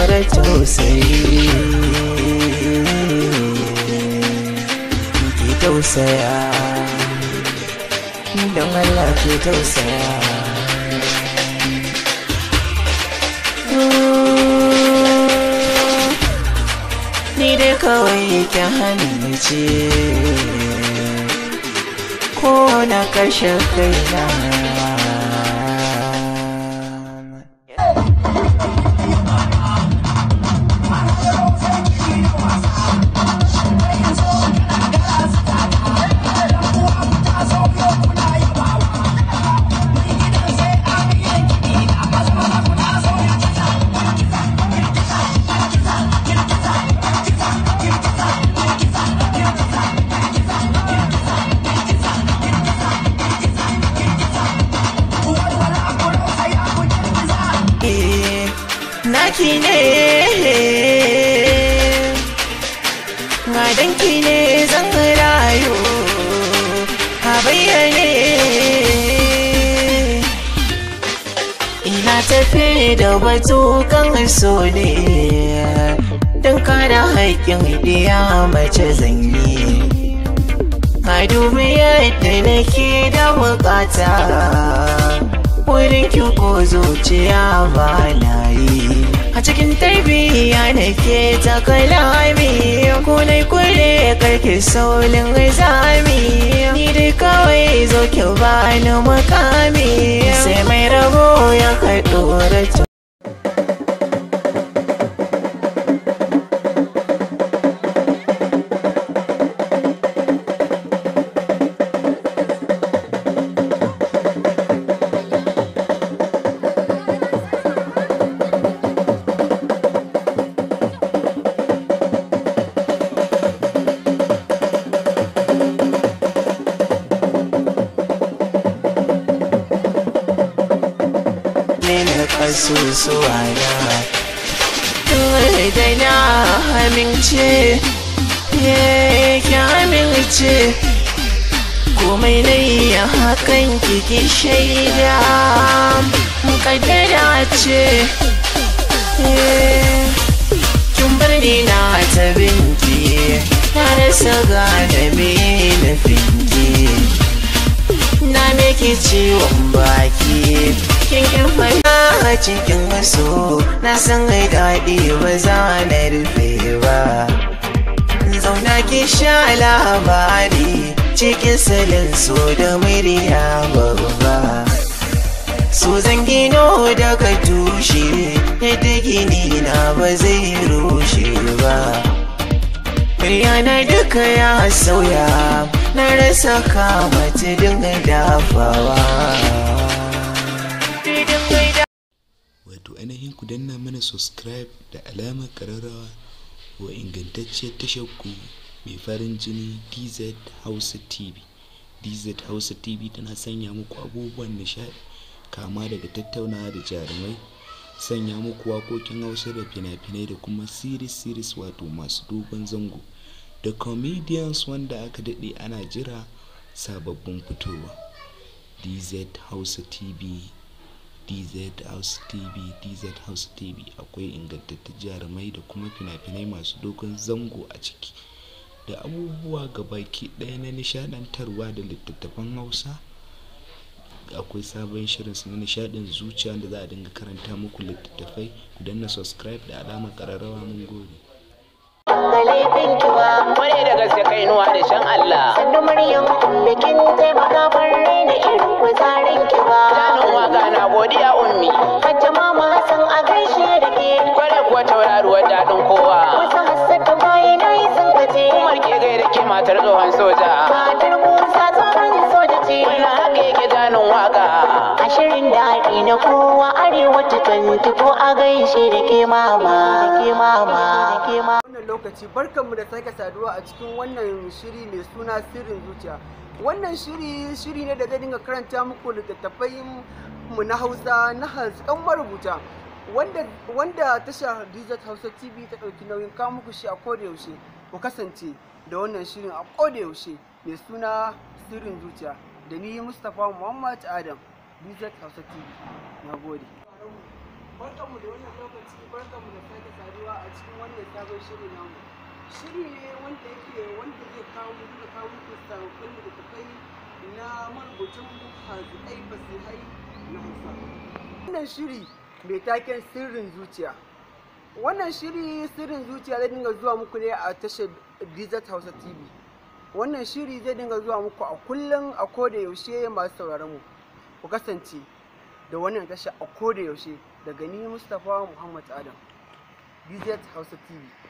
mara tausayi ki tausaya don Allah ki tausaya ni dai kawai ki hannu ce ko na kashe kai na danki ne ma danki ne zan rayu a bayyane ina tafi da batu kan so ne don kada haƙƙin diya mace yi. ka dubi yadda nake da bukata wurin ki ko zuciya ba na yi a cikin tarbiyya na ke takalami kunai kure karki saulin zami ni dai kawai zo ki bani makami sai mai rabo ya karɗo kasusuwana daina na amince ki amince komai na yi hakan kiki shaida mukaddara ce kin bar ni na ta binki na rasa gane me na binki na ke ciwon baki cikin kimar na cikin maso na san ai daɗi ba za na rufe ba zauna ki sha labari cikin salin so da murya babba so zan gino daga tushe yadda gini na ba zai rushe ba Yana duka ya sauya na rasa kama ta dafawa to ainihin ku danna mana subscribe da alamar ƙararrawa wa ingantacciyar tashar ku mai farin jini DZ Hausa TV DZ Hausa TV tana sanya muku abubuwan nishaɗi kama daga tattaunawa da jarumai sanya muku waƙoƙin Hausa da fina-finai da kuma series series wato masu dogon zango da comedians wanda aka daɗe ana jira sababbin fitowa. DZ Hausa TV DZ House TV, DZ House TV akwai ingantattun jarumai da kuma fina-finai masu dogon zango a ciki da abubuwa gabaki ɗaya na nishaɗantarwa da littattafan Hausa. Akwai sabon shirin su na nishaɗin zuciya da za a dinga karanta muku littattafai. Ku danna subscribe da alama kararrawa mun gode. da gaske kainuwa da shan Allah. Sannu Maryam, bikin taimaka bar matar tsohon soja matar musa tsohon soja ce na haka yake ganin waka a shirin da ake na kowa arewa ta tuntuɓo a shi da ke mama ke mama ke mama wannan lokaci barkanmu da sake saduwa a cikin wannan shiri mai suna sirrin zuciya wannan shiri shiri ne da zai dinga karanta muku littattafai mu na hausa na hansukan marubuta wanda wanda tasha Digital Hausa TV ta ɗauki nauyin kawo muku shi a koda yaushe ku kasance da wannan shirin a koda yaushe mai suna sirrin zuciya da ni mustapha muhammad adam bizet hausa tv na gode barkanmu da wannan lokaci barkanmu da sake saduwa a cikin wannan sabon shiri namu shiri ne wanda yake wanda zai kawo mu da kawo da ta kai na marubutan hazai fasihai na hausa wannan shiri mai taken sirrin zuciya wannan shiri sirrin zuciya zai dinga zuwa muku ne a tashar Dizat Hausa TV. Wannan shiri zai dinga zuwa muku a kullum a koda yaushe masu sauraron mu. Ku kasance da wannan tashar a koda yaushe daga ni Mustapha Muhammad Adam. Dizat Hausa TV.